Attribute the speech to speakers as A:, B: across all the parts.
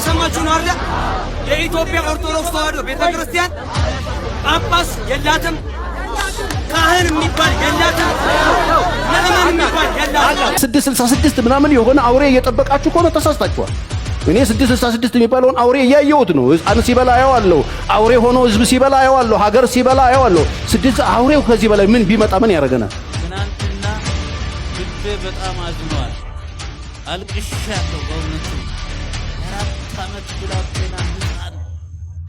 A: እየሰማችሁ ነው አይደል? የኢትዮጵያ ኦርቶዶክስ ተዋሕዶ ቤተ ጳጳስ የላትም፣ ካህን የሚባል የላትም፣ ምዕመን የሚባል የላትም። ስድስት ምናምን የሆነ አውሬ እየጠበቃችሁ ከሆነ ተሳስታችኋል። እኔ ስድስት ስልሳ የሚባለውን አውሬ እያየሁት ነው። ሕፃን ሲበላ አየዋለሁ። አውሬ ሆኖ ህዝብ ሲበላ አየዋለሁ። ሀገር ሲበላ አየዋለሁ። ስድስት አውሬው ከዚህ በላይ ምን ቢመጣ ምን ያደርገናል? ትናንትና ልቤ በጣም አዝኗል። አልቅሻለሁ በእውነቱ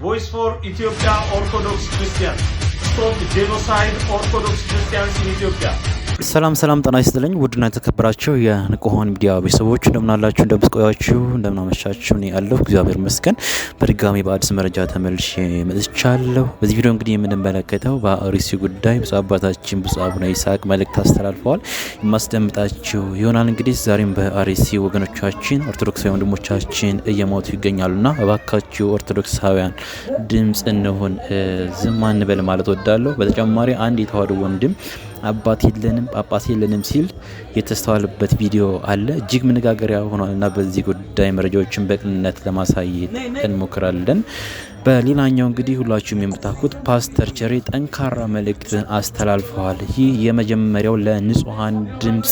A: ቮይስ ፎር ኢትዮጵያ ኦርቶዶክስ ክርስቲያን ስቶፕ ጄኖሳይድ ኦርቶዶክስ ክርስቲያንስ ኢን ኢትዮጵያ ሰላም ሰላም፣ ጤና ይስጥልኝ ውድና የተከበራችሁ የንቁሆን ሚዲያ ቤተሰቦች እንደምናላችሁ፣ እንደምስቆያችሁ፣ እንደምናመሻችሁ እኔ ያለሁ እግዚአብሔር ይመስገን በድጋሚ በአዲስ መረጃ ተመልሼ መጥቻለሁ። በዚህ ቪዲዮ እንግዲህ የምንመለከተው በአርሲ ጉዳይ ብፁዕ አባታችን ብፁዕ አቡነ ይስሐቅ መልእክት አስተላልፈዋል። የማስደምጣችሁ ይሆናል። እንግዲህ ዛሬም በአርሲ ወገኖቻችን ኦርቶዶክሳዊ ወንድሞቻችን እየሞቱ ይገኛሉና እባካችሁ ኦርቶዶክሳውያን ድምፅ እንሆን፣ ዝም አንበል ማለት ወዳለሁ። በተጨማሪ አንድ የተዋህዶ ወንድም አባት የለንም ጳጳስ የለንም ሲል የተስተዋለበት ቪዲዮ አለ። እጅግ መነጋገሪያ እና በዚህ ጉዳይ መረጃዎችን በቅንነት ለማሳየት እንሞክራለን። በሌላኛው እንግዲህ ሁላችሁም የምታውቁት ፓስተር ቸሪ ጠንካራ መልእክትን አስተላልፈዋል። ይህ የመጀመሪያው ለንጹሐን ድምፅ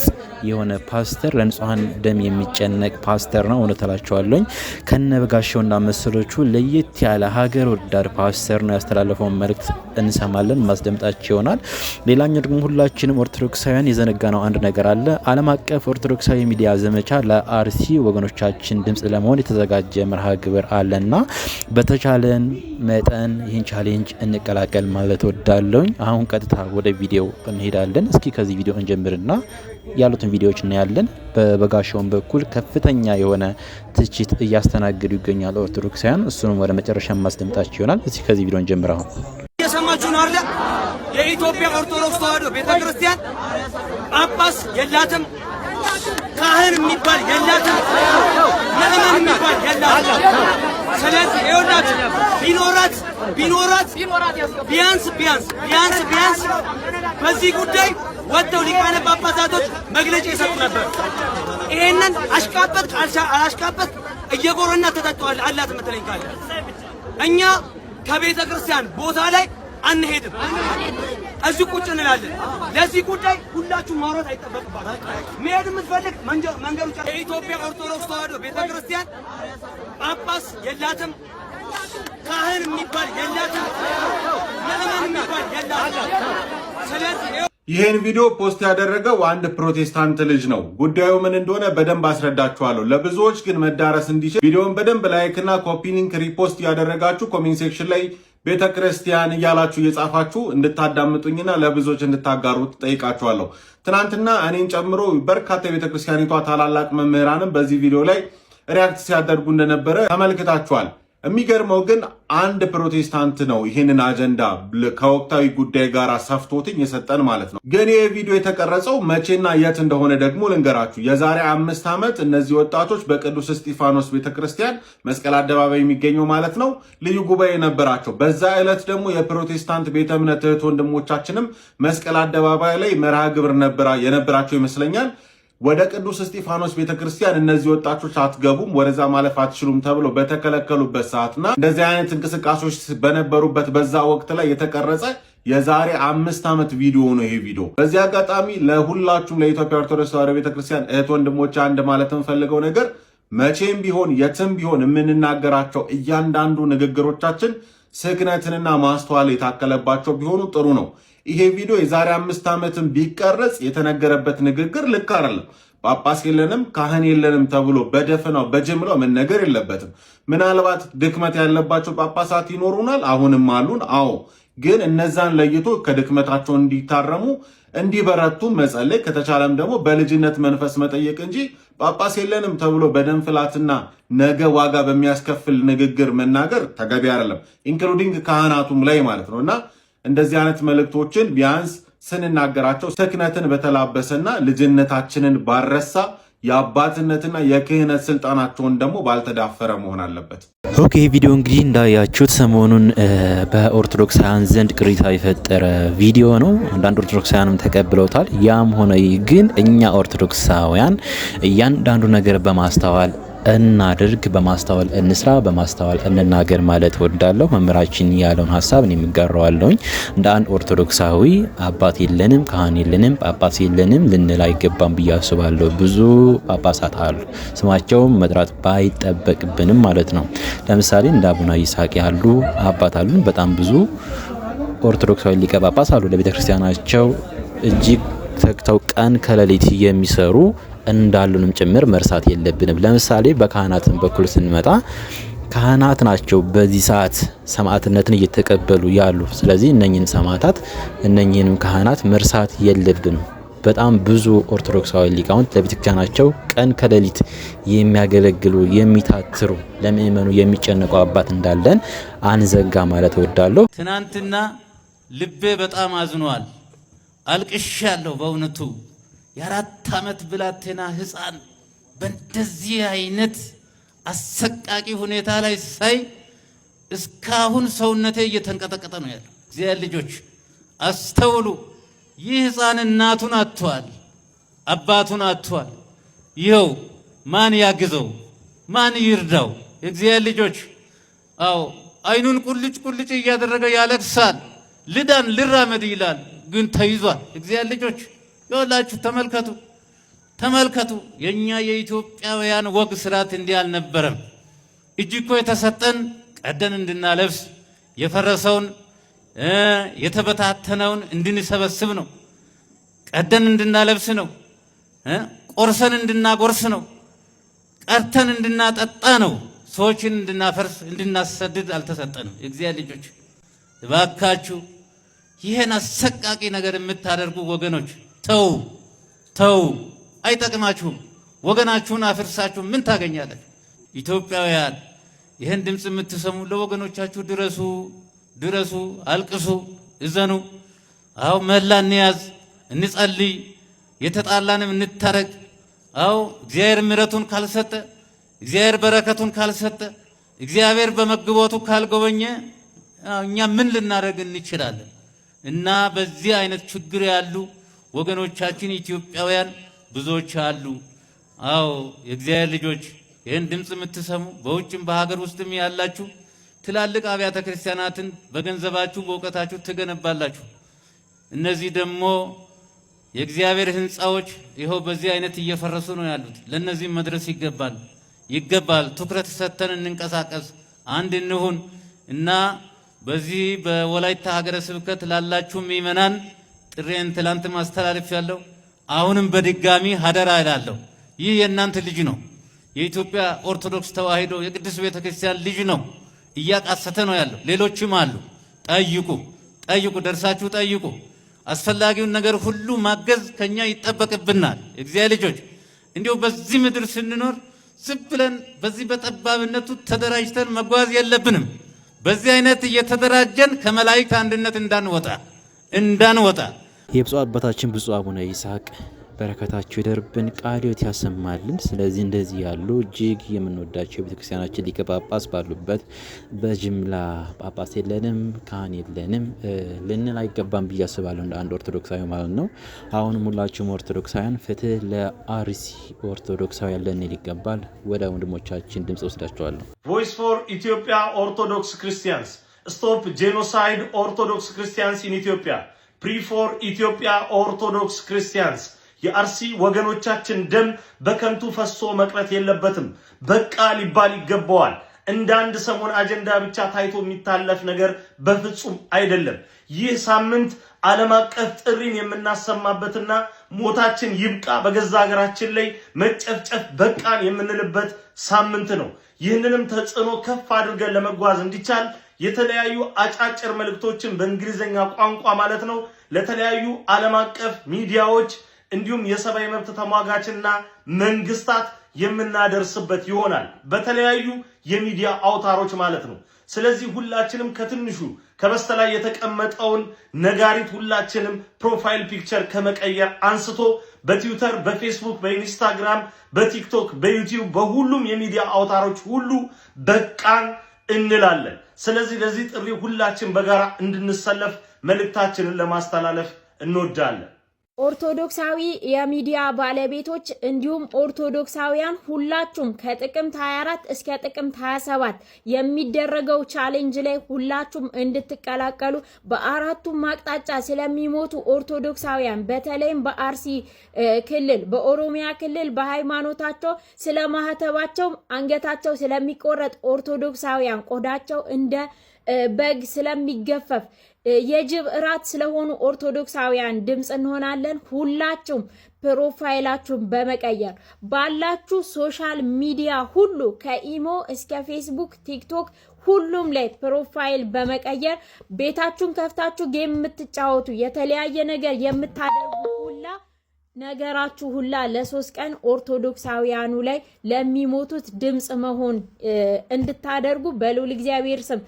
A: የሆነ ፓስተር ለንጹሐን ደም የሚጨነቅ ፓስተር ነው። እውነት እላቸዋለኝ ከነበጋሻውና መሰሎቹ ለየት ያለ ሀገር ወዳድ ፓስተር ነው። ያስተላለፈውን መልእክት እንሰማለን፣ ማስደምጣቸው ይሆናል። ሌላኛው ደግሞ ሁላችንም ኦርቶዶክሳውያን ነው አንድ ነገር አለ። ዓለም አቀፍ ኦርቶዶክሳዊ ሚዲያ ዘመቻ ለአርሲ ወገኖቻችን ድምፅ ለመሆን የተዘጋጀ መርሃ ግብር አለና በተቻለ በተቻለን መጠን ይህን ቻሌንጅ እንቀላቀል ማለት ወዳለውኝ። አሁን ቀጥታ ወደ ቪዲዮ እንሄዳለን። እስኪ ከዚህ ቪዲዮ እንጀምርና ያሉትን ቪዲዮዎች እናያለን። በበጋሻውን በኩል ከፍተኛ የሆነ ትችት እያስተናገዱ ይገኛሉ ኦርቶዶክሳውያን። እሱንም ወደ መጨረሻ ማስደምጣች ይሆናል። እስኪ ከዚህ ቪዲዮ እንጀምር። አሁን እየሰማችሁ ነው አለ የኢትዮጵያ ኦርቶዶክስ ተዋሕዶ ቤተክርስቲያን ጳጳስ የላትም ካህን የሚባል የላትም፣ ምእመን የሚባል የላትም። ስለዚህ ይኸውላችሁ ቢኖራት ቢኖራት ቢያንስ ቢያንስ ቢያንስ ቢያንስ በዚህ ጉዳይ ወጥተው ሊቃነ ጳጳሳቶች መግለጫ ይሰጡ ነበር። ይሄንን አሽቃበት አላሽቃበት እየጎረና ተጠጠዋል አላት መተለኝ ካለ እኛ ከቤተ ክርስቲያን ቦታ ላይ አንሄድም፣ እዚህ ቁጭ እንላለን። ለዚህ ጉዳይ ሁላችሁ ማውራት አይጠበቅባችሁ። መሄድ የምትፈልግ መንገዱ የኢትዮጵያ ኦርቶዶክስ ተዋሕዶ ቤተክርስቲያን ጳጳስ የላትም፣ ካህን የሚባል የላትም፣ ምዕመን የሚባል የላትም። ስለዚህ ይህን ቪዲዮ ፖስት ያደረገው አንድ ፕሮቴስታንት ልጅ ነው። ጉዳዩ ምን እንደሆነ በደንብ አስረዳችኋለሁ። ለብዙዎች ግን መዳረስ እንዲችል ቪዲዮውን በደንብ ላይክ እና ኮፒ ሊንክ ሪፖስት ያደረጋችሁ ኮሜንት ሴክሽን ላይ ቤተ ክርስቲያን እያላችሁ እየጻፋችሁ እንድታዳምጡኝና ለብዙዎች እንድታጋሩ ጠይቃችኋለሁ። ትናንትና እኔን ጨምሮ በርካታ የቤተ ክርስቲያኒቷ ታላላቅ መምህራንም በዚህ ቪዲዮ ላይ ሪያክት ሲያደርጉ እንደነበረ ተመልክታችኋል። የሚገርመው ግን አንድ ፕሮቴስታንት ነው ይህንን አጀንዳ ከወቅታዊ ጉዳይ ጋር ሰፍቶትኝ የሰጠን ማለት ነው። ግን ይህ ቪዲዮ የተቀረጸው መቼና የት እንደሆነ ደግሞ ልንገራችሁ። የዛሬ አምስት ዓመት እነዚህ ወጣቶች በቅዱስ እስጢፋኖስ ቤተክርስቲያን መስቀል አደባባይ የሚገኘው ማለት ነው ልዩ ጉባኤ ነበራቸው። በዛ ዕለት ደግሞ የፕሮቴስታንት ቤተ እምነት እህት ወንድሞቻችንም መስቀል አደባባይ ላይ መርሃ ግብር የነበራቸው ይመስለኛል። ወደ ቅዱስ እስጢፋኖስ ቤተክርስቲያን እነዚህ ወጣቶች አትገቡም፣ ወደዛ ማለፍ አትችሉም ተብለው በተከለከሉበት ሰዓትና እንደዚህ አይነት እንቅስቃሴዎች በነበሩበት በዛ ወቅት ላይ የተቀረጸ የዛሬ አምስት ዓመት ቪዲዮ ነው ይሄ ቪዲዮ። በዚህ አጋጣሚ ለሁላችሁም ለኢትዮጵያ ኦርቶዶክስ ተዋሕዶ ቤተክርስቲያን እህት ወንድሞች አንድ ማለት የምፈልገው ነገር መቼም ቢሆን የትም ቢሆን የምንናገራቸው እያንዳንዱ ንግግሮቻችን ስክነትንና ማስተዋል የታከለባቸው ቢሆኑ ጥሩ ነው። ይሄ ቪዲዮ የዛሬ አምስት ዓመትም ቢቀረጽ የተነገረበት ንግግር ልክ አይደለም። ጳጳስ የለንም ካህን የለንም ተብሎ በደፈናው በጅምላው መነገር የለበትም። ምናልባት ድክመት ያለባቸው ጳጳሳት ይኖሩናል፣ አሁንም አሉን። አዎ ግን እነዛን ለይቶ ከድክመታቸው እንዲታረሙ እንዲበረቱ መጸለይ ከተቻለም ደግሞ በልጅነት መንፈስ መጠየቅ እንጂ ጳጳስ የለንም ተብሎ በደንፍላትና ነገ ዋጋ በሚያስከፍል ንግግር መናገር ተገቢ አይደለም። ኢንክሉዲንግ ካህናቱም ላይ ማለት ነው እና እንደዚህ አይነት መልእክቶችን ቢያንስ ስንናገራቸው ስክነትን በተላበሰና ልጅነታችንን ባረሳ የአባትነትና የክህነት ስልጣናቸውን ደግሞ ባልተዳፈረ መሆን አለበት። ኦኬ ቪዲዮ እንግዲህ እንዳያችሁት ሰሞኑን በኦርቶዶክሳውያን ዘንድ ቅሬታ የፈጠረ ቪዲዮ ነው። አንዳንድ ኦርቶዶክሳውያንም ተቀብለውታል። ያም ሆነ ግን እኛ ኦርቶዶክሳውያን እያንዳንዱ ነገር በማስተዋል እናድርግ፣ በማስተዋል እንስራ፣ በማስተዋል እንናገር ማለት ወዳለሁ። መምህራችን ያለውን ሀሳብ እኔ የምጋራዋለሁኝ። እንደ አንድ ኦርቶዶክሳዊ አባት የለንም፣ ካህን የለንም፣ ጳጳስ የለንም ልንል አይገባም ብዬ አስባለሁ። ብዙ ጳጳሳት አሉ፣ ስማቸውም መጥራት ባይጠበቅብንም ማለት ነው። ለምሳሌ እንደ አቡነ ይስሐቅ ያሉ አባት አሉን። በጣም ብዙ ኦርቶዶክሳዊ ሊቀ ጳጳስ አሉ ለቤተክርስቲያናቸው እጅግ ተግተው ቀን ከሌሊት የሚሰሩ እንዳሉንም ጭምር መርሳት የለብንም። ለምሳሌ በካህናትን በኩል ስንመጣ ካህናት ናቸው በዚህ ሰዓት ሰማዕትነትን እየተቀበሉ ያሉ። ስለዚህ እነኝህን ሰማዕታት እነኚህንም ካህናት መርሳት የለብንም። በጣም ብዙ ኦርቶዶክሳዊ ሊቃውንት ለቤተክርስቲያናቸው ቀን ከሌሊት የሚያገለግሉ የሚታትሩ፣ ለምእመኑ የሚጨነቁ አባት እንዳለን አንዘጋ ማለት እወዳለሁ። ትናንትና ልቤ በጣም አዝኗል፣ አልቅሻለሁ በእውነቱ የአራት ዓመት ብላቴና ህፃን በእንደዚህ አይነት አሰቃቂ ሁኔታ ላይ ሳይ እስካሁን ሰውነቴ እየተንቀጠቀጠ ነው ያለው። እግዚአብሔር ልጆች አስተውሉ። ይህ ህፃን እናቱን አጥቷል፣ አባቱን አጥቷል። ይኸው ማን ያግዘው? ማን ይርዳው? የእግዚአብሔር ልጆች አዎ፣ አይኑን ቁልጭ ቁልጭ እያደረገ ያለቅሳል። ልዳን ልራመድ ይላል፣ ግን ተይዟል። የእግዚአብሔር ልጆች ይወላችሁ ተመልከቱ ተመልከቱ። የእኛ የኢትዮጵያውያን ወግ ስርዓት እንዲህ አልነበረም። እጅ እኮ የተሰጠን ቀደን እንድናለብስ የፈረሰውን የተበታተነውን እንድንሰበስብ ነው። ቀደን እንድናለብስ ነው። ቆርሰን እንድናጎርስ ነው። ቀርተን እንድናጠጣ ነው። ሰዎችን እንድናፈርስ እንድናሰድድ አልተሰጠንም። የእግዚአብሔር ልጆች እባካችሁ ይህን አሰቃቂ ነገር የምታደርጉ ወገኖች ተው ተው፣ አይጠቅማችሁም። ወገናችሁን አፍርሳችሁ ምን ታገኛለች? ኢትዮጵያውያን ይህን ድምፅ የምትሰሙ ለወገኖቻችሁ ድረሱ፣ ድረሱ፣ አልቅሱ፣ እዘኑ። አዎ መላ እንያዝ፣ እንጸልይ፣ የተጣላንም እንታረቅ። አዎ እግዚአብሔር ምሕረቱን ካልሰጠ እግዚአብሔር በረከቱን ካልሰጠ እግዚአብሔር በመግቦቱ ካልጎበኘ እኛ ምን ልናደርግ እንችላለን? እና በዚህ አይነት ችግር ያሉ ወገኖቻችን ኢትዮጵያውያን ብዙዎች አሉ። አዎ የእግዚአብሔር ልጆች ይህን ድምፅ የምትሰሙ በውጭም በሀገር ውስጥም ያላችሁ ትላልቅ አብያተ ክርስቲያናትን በገንዘባችሁ በእውቀታችሁ ትገነባላችሁ። እነዚህ ደግሞ የእግዚአብሔር ህንፃዎች ይኸው በዚህ አይነት እየፈረሱ ነው ያሉት። ለእነዚህም መድረስ ይገባል ይገባል። ትኩረት ሰጥተን እንንቀሳቀስ፣ አንድ እንሁን እና በዚህ በወላይታ ሀገረ ስብከት ላላችሁ ምእመናን ጥሬን ትላንት ማስተላለፍ ያለው አሁንም በድጋሚ ሀደራ እላለሁ። ይህ የእናንተ ልጅ ነው። የኢትዮጵያ ኦርቶዶክስ ተዋሕዶ የቅዱስ ቤተ ክርስቲያን ልጅ ነው። እያቃሰተ ነው ያለው። ሌሎችም አሉ። ጠይቁ፣ ጠይቁ፣ ደርሳችሁ ጠይቁ። አስፈላጊውን ነገር ሁሉ ማገዝ ከኛ ይጠበቅብናል። እግዚአብሔር ልጆች እንዲሁ በዚህ ምድር ስንኖር ዝም ብለን በዚህ በጠባብነቱ ተደራጅተን መጓዝ የለብንም። በዚህ አይነት እየተደራጀን ከመላእክት አንድነት እንዳንወጣ እንዳንወጣ የብፁዕ አባታችን ብፁዕ አቡነ ይስሐቅ በረከታቸው ይደርብን፣ ቃለ ያሰማልን። ስለዚህ እንደዚህ ያሉ እጅግ የምንወዳቸው የቤተክርስቲያናችን ሊቀ ጳጳስ ባሉበት በጅምላ ጳጳስ የለንም፣ ካህን የለንም ልንል አይገባም ብዬ አስባለሁ፣ እንደ አንድ ኦርቶዶክሳዊ ማለት ነው። አሁንም ሁላችሁም ኦርቶዶክሳውያን ፍትህ ለአርሲ ኦርቶዶክሳዊ ያለንል ይገባል። ወደ ወንድሞቻችን ድምፅ ወስዳቸዋለሁ። ቮይስ ፎር ኢትዮጵያ ኦርቶዶክስ ክርስቲያንስ ስቶፕ ጄኖሳይድ ኦርቶዶክስ ክርስቲያንስ ኢን ኢትዮጵያ ፕሪፎር ኢትዮጵያ ኦርቶዶክስ ክርስቲያንስ የአርሲ ወገኖቻችን ደም በከንቱ ፈሶ መቅረት የለበትም። በቃ ሊባል ይገባዋል። እንደ አንድ ሰሞን አጀንዳ ብቻ ታይቶ የሚታለፍ ነገር በፍጹም አይደለም። ይህ ሳምንት ዓለም አቀፍ ጥሪን የምናሰማበትና ሞታችን ይብቃ በገዛ ሀገራችን ላይ መጨፍጨፍ በቃን የምንልበት ሳምንት ነው። ይህንንም ተጽዕኖ ከፍ አድርገን ለመጓዝ እንዲቻል የተለያዩ አጫጭር መልእክቶችን በእንግሊዝኛ ቋንቋ ማለት ነው ለተለያዩ ዓለም አቀፍ ሚዲያዎች እንዲሁም የሰብአዊ መብት ተሟጋችና መንግስታት የምናደርስበት ይሆናል በተለያዩ የሚዲያ አውታሮች ማለት ነው። ስለዚህ ሁላችንም ከትንሹ ከበስተላይ የተቀመጠውን ነጋሪት ሁላችንም ፕሮፋይል ፒክቸር ከመቀየር አንስቶ በትዊተር፣ በፌስቡክ፣ በኢንስታግራም፣ በቲክቶክ፣ በዩቲዩብ በሁሉም የሚዲያ አውታሮች ሁሉ በቃን እንላለን። ስለዚህ ለዚህ ጥሪ ሁላችን በጋራ እንድንሰለፍ መልእክታችንን ለማስተላለፍ እንወዳለን።
B: ኦርቶዶክሳዊ የሚዲያ ባለቤቶች እንዲሁም ኦርቶዶክሳውያን ሁላችሁም ከጥቅምት 24 እስከ ጥቅምት 27 የሚደረገው ቻሌንጅ ላይ ሁላችሁም እንድትቀላቀሉ በአራቱም አቅጣጫ ስለሚሞቱ ኦርቶዶክሳውያን በተለይም በአርሲ ክልል፣ በኦሮሚያ ክልል በሃይማኖታቸው ስለማህተባቸው አንገታቸው ስለሚቆረጥ ኦርቶዶክሳውያን ቆዳቸው እንደ በግ ስለሚገፈፍ የጅብ እራት ስለሆኑ ኦርቶዶክሳውያን ድምፅ እንሆናለን። ሁላችሁም ፕሮፋይላችሁን በመቀየር ባላችሁ ሶሻል ሚዲያ ሁሉ ከኢሞ እስከ ፌስቡክ፣ ቲክቶክ ሁሉም ላይ ፕሮፋይል በመቀየር ቤታችሁን ከፍታችሁ ጌም የምትጫወቱ የተለያየ ነገር የምታደርጉ ሁላ ነገራችሁ ሁላ ለሶስት ቀን ኦርቶዶክሳውያኑ ላይ ለሚሞቱት ድምፅ መሆን እንድታደርጉ በልዑል እግዚአብሔር ስም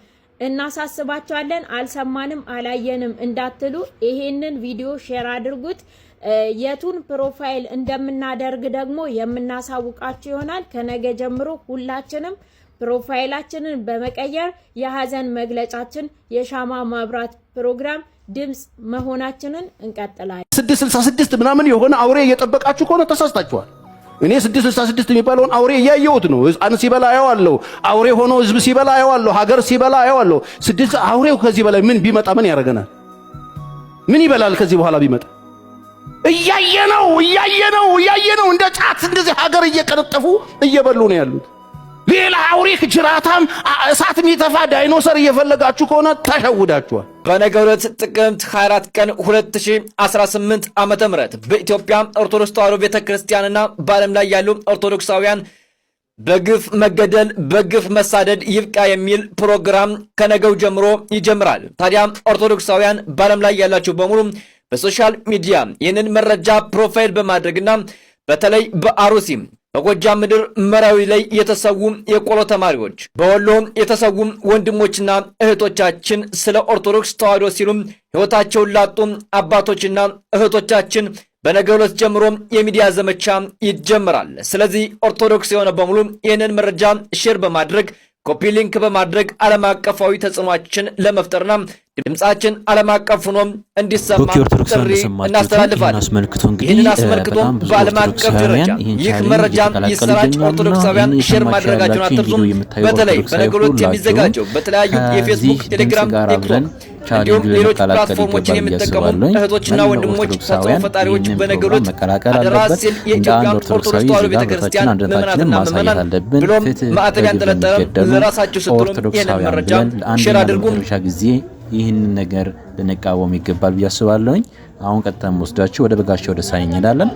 B: እናሳስባቸዋለን። አልሰማንም አላየንም እንዳትሉ ይሄንን ቪዲዮ ሼር አድርጉት። የቱን ፕሮፋይል እንደምናደርግ ደግሞ የምናሳውቃችሁ ይሆናል። ከነገ ጀምሮ ሁላችንም ፕሮፋይላችንን በመቀየር የሀዘን መግለጫችን የሻማ ማብራት ፕሮግራም ድምፅ መሆናችንን
A: እንቀጥላለን። ስድስት ስልሳ ስድስት ምናምን የሆነ አውሬ እየጠበቃችሁ ከሆነ ተሳስታችኋል። እኔ ስድስት ስልሳ ስድስት የሚባለውን አውሬ እያየሁት ነው። ህፃን ሲበላ አየዋለሁ። አውሬ ሆኖ ህዝብ ሲበላ አየዋለሁ። ሀገር ሲበላ አየዋለሁ። ስድስት አውሬው ከዚህ በላይ ምን ቢመጣ ምን ያደርገናል? ምን ይበላል ከዚህ በኋላ ቢመጣ? እያየ ነው እያየ ነው እያየ ነው። እንደ ጫት እንደዚህ ሀገር እየቀነጠፉ እየበሉ ነው ያሉት። ሌላ አውሬ ጅራታም እሳት የሚተፋ ዳይኖሰር እየፈለጋችሁ ከሆነ ተሸውዳችኋል። በነገ ዕለት ጥቅምት 24 ቀን 2018 ዓ ም በኢትዮጵያ ኦርቶዶክስ ተዋሕዶ ቤተ ክርስቲያንና በዓለም ላይ ያሉ ኦርቶዶክሳውያን በግፍ መገደል፣ በግፍ መሳደድ ይብቃ የሚል ፕሮግራም ከነገው ጀምሮ ይጀምራል። ታዲያ ኦርቶዶክሳውያን በዓለም ላይ ያላችሁ በሙሉ በሶሻል ሚዲያ ይህንን መረጃ ፕሮፋይል በማድረግና በተለይ በአሩሲ በጎጃም ምድር መራዊ ላይ የተሰዉ የቆሎ ተማሪዎች፣ በወሎ የተሰዉ ወንድሞችና እህቶቻችን ስለ ኦርቶዶክስ ተዋሕዶ ሲሉም ሕይወታቸውን ላጡ አባቶችና እህቶቻችን በነገ ዕለት ጀምሮ የሚዲያ ዘመቻ ይጀምራል። ስለዚህ ኦርቶዶክስ የሆነ በሙሉ ይህንን መረጃ ሼር በማድረግ ኮፒ ሊንክ በማድረግ ዓለም አቀፋዊ ተጽዕኖችን ለመፍጠርና ድምጻችን ዓለም አቀፍ ሆኖም እንዲሰማ ጥሪ እናስተላልፋል። ይህንን አስመልክቶም በዓለም አቀፍ ደረጃ ይህ መረጃ ይሰራጭ፣ ኦርቶዶክሳውያን ሼር ማድረጋቸውን አትርሱም። በተለይ በነገሮች የሚዘጋጀው በተለያዩ የፌስቡክ፣ ቴሌግራም፣ ቲክቶክ እንዲሁም ሌሎች ፕላትፎርሞችን የምጠቀሙ እህቶችና ወንድሞች ተጽዕኖ ፈጣሪዎች በነገሩት አደራ ሲል የኢትዮጵያ ኦርቶዶክስ ተዋሕዶ ቤተክርስቲያን ምዕመናትና ምዕመናን ብሎም ማዕተብ ያንጠለጠለም ለራሳቸው ስትሉም ይህንን መረጃ ሼር አድርጉም። ጊዜ ይህንን ነገር ልንቃወም ይገባል ብዬ አስባለሁኝ። አሁን ቀጥታ ወስዳችሁ ወደ በጋሻው ደሳለኝ እንሄዳለን።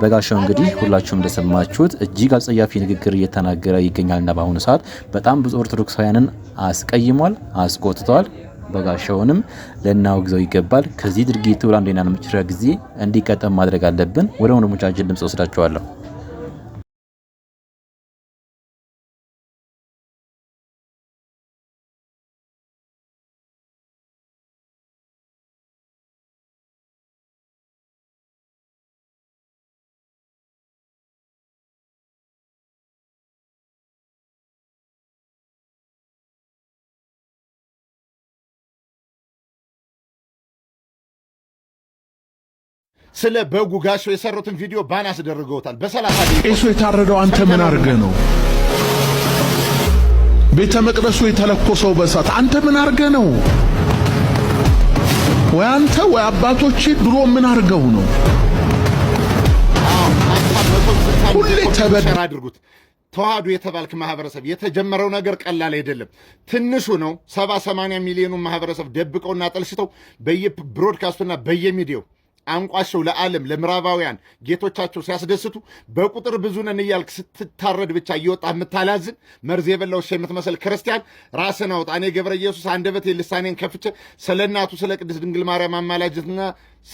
A: በጋሻው እንግዲህ ሁላችሁም እንደሰማችሁት እጅግ አጸያፊ ንግግር እየተናገረ ይገኛልና በአሁኑ ሰዓት በጣም ብዙ ኦርቶዶክሳውያንን አስቀይሟል፣ አስቆጥተዋል። በጋሻውንም ልናወግዘው ይገባል። ከዚህ ድርጊቱ ለአንዴና ለመጨረሻ ጊዜ እንዲቀጠም ማድረግ አለብን። ወደ ወንድሞቻችን ድምፅ ወስዳቸዋለሁ። ስለ በጉ ጋሾ የሰሩትን ቪዲዮ ባን አስደርገውታል። በሰላሳ ቄሱ የታረደው አንተ ምን አርገ ነው? ቤተ መቅደሱ የተለኮሰው በእሳት አንተ ምን አርገ ነው? ወይ አንተ ወይ አባቶች ድሮ ምን አድርገው ነው? ሁሌ ተበደር አድርጉት። ተዋህዶ የተባልክ ማህበረሰብ የተጀመረው ነገር ቀላል አይደለም። ትንሹ ነው። ሰባ ሰማንያ ሚሊዮኑ ማህበረሰብ ደብቀውና ጠልሽተው በየብሮድካስቱና በየሚዲያው አንቋሸው ለዓለም ለምዕራባውያን ጌቶቻቸው ሲያስደስቱ በቁጥር ብዙ ነን እያልክ ስትታረድ ብቻ እየወጣ የምታላዝን መርዝ የበላው ውሻ የምትመስል ክርስቲያን ራስን አውጣ። እኔ ገብረ ኢየሱስ አንደበቴ ልሳኔን ከፍቼ ስለ እናቱ ስለ ቅድስት ድንግል ማርያም አማላጅነትና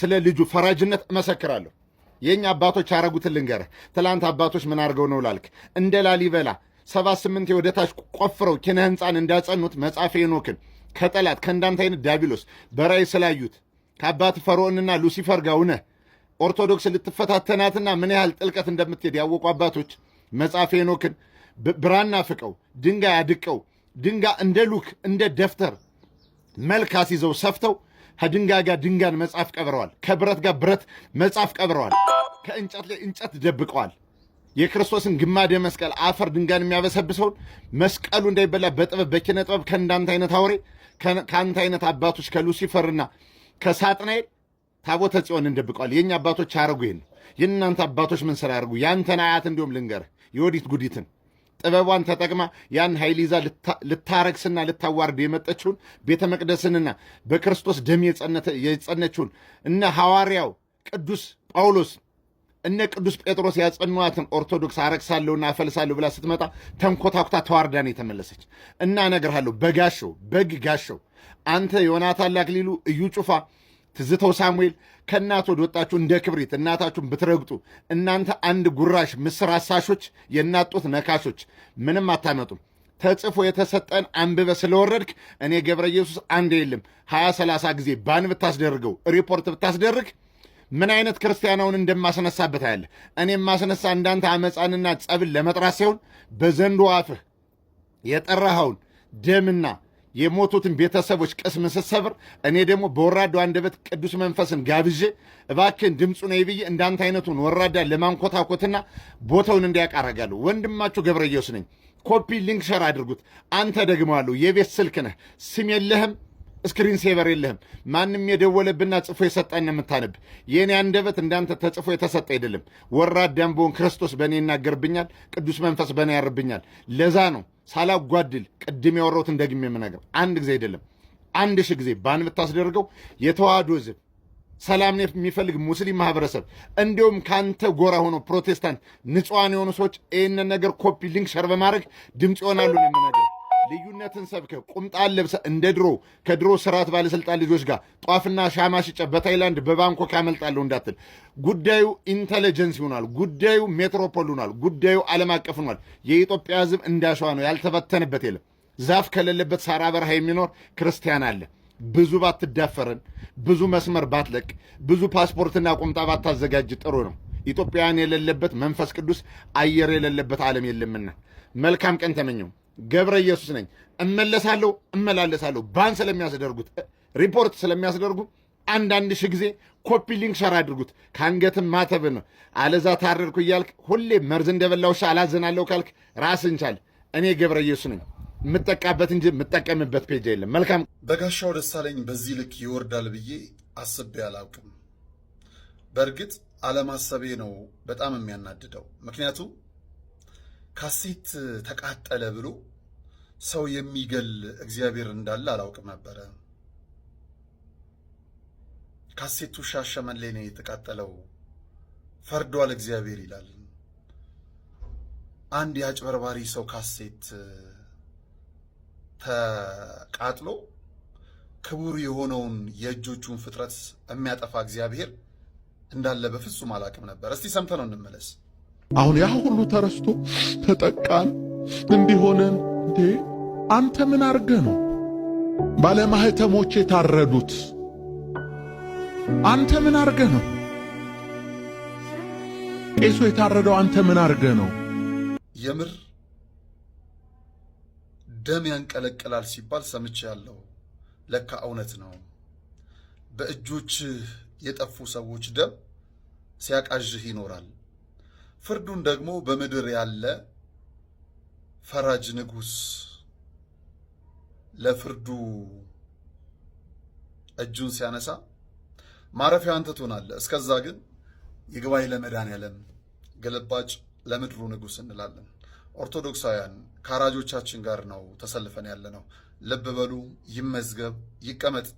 A: ስለ ልጁ ፈራጅነት እመሰክራለሁ። የእኛ አባቶች ያረጉትን ልንገርህ። ትላንት አባቶች ምን አድርገው ነው ላልክ እንደ ላሊበላ ሰባ ስምንት የወደታች ቆፍረው ኪነ ህንፃን እንዳጸኑት መጽሐፈ ሄኖክን ከጠላት ከእንዳንተ አይነት ዲያብሎስ በራእይ ስላዩት ከአባት ፈርዖንና ሉሲፈር ጋር ሆነ ኦርቶዶክስ ልትፈታተናትና ምን ያህል ጥልቀት እንደምትሄድ ያወቁ አባቶች መጽሐፈ ሄኖክን ብራና ፍቀው ድንጋይ አድቀው ድንጋይ እንደ ሉክ እንደ ደፍተር መልክ አስይዘው ሰፍተው ከድንጋይ ጋር ድንጋን መጽሐፍ ቀብረዋል። ከብረት ጋር ብረት መጽሐፍ ቀብረዋል። ከእንጨት ላይ እንጨት ደብቀዋል። የክርስቶስን ግማደ መስቀል አፈር ድንጋን የሚያበሰብሰውን መስቀሉ እንዳይበላ በጥበብ በኪነ ጥበብ ከእንዳንተ አይነት አውሬ ከአንተ አይነት አባቶች ከሉሲፈርና ከሳጥናኤል ታቦተ ጽዮን እንደብቀዋል። የእኛ አባቶች አረጉ ይህን። የእናንተ አባቶች ምን ስራ ያደርጉ? ያንተን አያት እንዲሁም ልንገር የወዲት ጉዲትን ጥበቧን ተጠቅማ ያን ኃይል ይዛ ልታረግስና ልታዋርድ የመጠችውን ቤተ መቅደስንና በክርስቶስ ደም የጸነችውን እነ ሐዋርያው ቅዱስ ጳውሎስ እነ ቅዱስ ጴጥሮስ ያጸኗትን ኦርቶዶክስ አረግሳለሁና አፈልሳለሁ ብላ ስትመጣ ተንኮታኩታ ተዋርዳን የተመለሰች እና እነግርሃለሁ በጋሸው በግ ጋሸው አንተ ዮናታን ላክሊሉ፣ እዩ ጩፋ፣ ትዝተው ሳሙኤል ከእናት ወደ ወጣችሁ እንደ ክብሪት እናታችሁን ብትረግጡ እናንተ አንድ ጉራሽ ምስር አሳሾች፣ የእናት ጡት ነካሾች ምንም አታመጡም። ተጽፎ የተሰጠን አንብበ ስለወረድክ እኔ ገብረ ኢየሱስ አንድ የለም ሀያ ሰላሳ ጊዜ ባን ብታስደርገው ሪፖርት ብታስደርግ ምን አይነት ክርስቲያናውን እንደማስነሳበት ያለ እኔ የማስነሳ እንዳንተ አመፃንና ጸብን ለመጥራት ሳይሆን በዘንዶ አፍህ የጠራኸውን ደምና የሞቱትን ቤተሰቦች ቅስም ስሰብር እኔ ደግሞ በወራዳ አንደበት ቅዱስ መንፈስን ጋብዤ እባክን ድምፁ ነይ ብዬ እንዳንተ አይነቱን ወራዳ ለማንኮታኮትና ቦታውን እንዲያቃረጋሉ ወንድማችሁ ገብረየስ ነኝ። ኮፒ ሊንክ ሸር አድርጉት። አንተ ደግመዋለሁ፣ የቤት ስልክ ነህ፣ ስም የለህም፣ ስክሪን ሴቨር የለህም። ማንም የደወለብና ጽፎ የሰጠን የምታነብ የእኔ አንደበት እንዳንተ ተጽፎ የተሰጠ አይደለም። ወራዳም በሆን ክርስቶስ በእኔ ይናገርብኛል፣ ቅዱስ መንፈስ በእኔ ያርብኛል። ለዛ ነው ሳላጓድል ቅድም ያወራሁትን ደግሜ የምነግር አንድ ጊዜ አይደለም አንድ ሺህ ጊዜ በአንድ የምታስደርገው የተዋህዶ ህዝብ ሰላም የሚፈልግ ሙስሊም ማህበረሰብ እንዲሁም ከአንተ ጎራ ሆኖ ፕሮቴስታንት ንጹሐን የሆኑ ሰዎች ይህንን ነገር ኮፒ ሊንክ ሸር በማድረግ ድምፅ ይሆናሉ ነው የምነግር ልዩነትን ሰብከ ቁምጣ ለብሰ እንደ ድሮ ከድሮ ስርዓት ባለስልጣን ልጆች ጋር ጧፍና ሻማ ሽጨ በታይላንድ በባንኮክ ያመልጣለሁ እንዳትል። ጉዳዩ ኢንተለጀንስ ይሆናል። ጉዳዩ ሜትሮፖል ይሆናል። ጉዳዩ ዓለም አቀፍ ይሆናል። የኢትዮጵያ ህዝብ እንዳሸዋ ነው፣ ያልተበተነበት የለም። ዛፍ ከሌለበት ሳራ በረሃ የሚኖር ክርስቲያን አለ። ብዙ ባትዳፈርን፣ ብዙ መስመር ባትለቅ፣ ብዙ ፓስፖርትና ቁምጣ ባታዘጋጅ ጥሩ ነው። ኢትዮጵያውያን የሌለበት መንፈስ ቅዱስ አየር የሌለበት ዓለም የለምና መልካም ቀን ተመኘው። ገብረ ኢየሱስ ነኝ። እመለሳለሁ እመላለሳለሁ። ባን ስለሚያስደርጉት ሪፖርት ስለሚያስደርጉ አንዳንድ ሺህ ጊዜ ኮፒ ሊንክ ሸር አድርጉት። ከአንገትም ማተብ ነው። አለዛ ታረድኩ እያልክ ሁሌ መርዝ እንደበላ ውሻ አላዘናለሁ ካልክ ራስን ቻል። እኔ ገብረ ኢየሱስ ነኝ። የምጠቃበት እንጂ የምጠቀምበት ፔጅ የለም። መልካም በጋሻው ደሳለኝ በዚህ ልክ ይወርዳል ብዬ አስቤ አላውቅም። በእርግጥ አለማሰቤ ነው በጣም የሚያናድደው ምክንያቱም ካሴት ተቃጠለ ብሎ ሰው የሚገል እግዚአብሔር እንዳለ አላውቅም ነበረ። ካሴቱ ሻሸመኔ ነው የተቃጠለው፣ ፈርዷል እግዚአብሔር ይላል። አንድ የአጭበርባሪ ሰው ካሴት ተቃጥሎ ክቡር የሆነውን የእጆቹን ፍጥረት የሚያጠፋ እግዚአብሔር እንዳለ በፍጹም አላውቅም ነበር። እስቲ ሰምተነው እንመለስ። አሁን ያ ሁሉ ተረስቶ ተጠቃን እንዲሆንን እንዴ? አንተ ምን አርገ ነው ባለማህተሞች የታረዱት? አንተ ምን አርገ ነው ቄሱ የታረደው? አንተ ምን አርገ ነው? የምር ደም ያንቀለቅላል ሲባል ሰምቼ ያለው ለካ እውነት ነው። በእጆች የጠፉ ሰዎች ደም ሲያቃዥህ ይኖራል። ፍርዱን ደግሞ በምድር ያለ ፈራጅ ንጉሥ ለፍርዱ እጁን ሲያነሳ ማረፊያ አንተ ትሆናለህ። እስከዛ ግን ይግባኝ ለመድኃኔዓለም ግልባጭ ለምድሩ ንጉሥ እንላለን። ኦርቶዶክሳውያን ከአራጆቻችን ጋር ነው ተሰልፈን ያለ ነው። ልብ በሉ። ይመዝገብ፣ ይቀመጥ።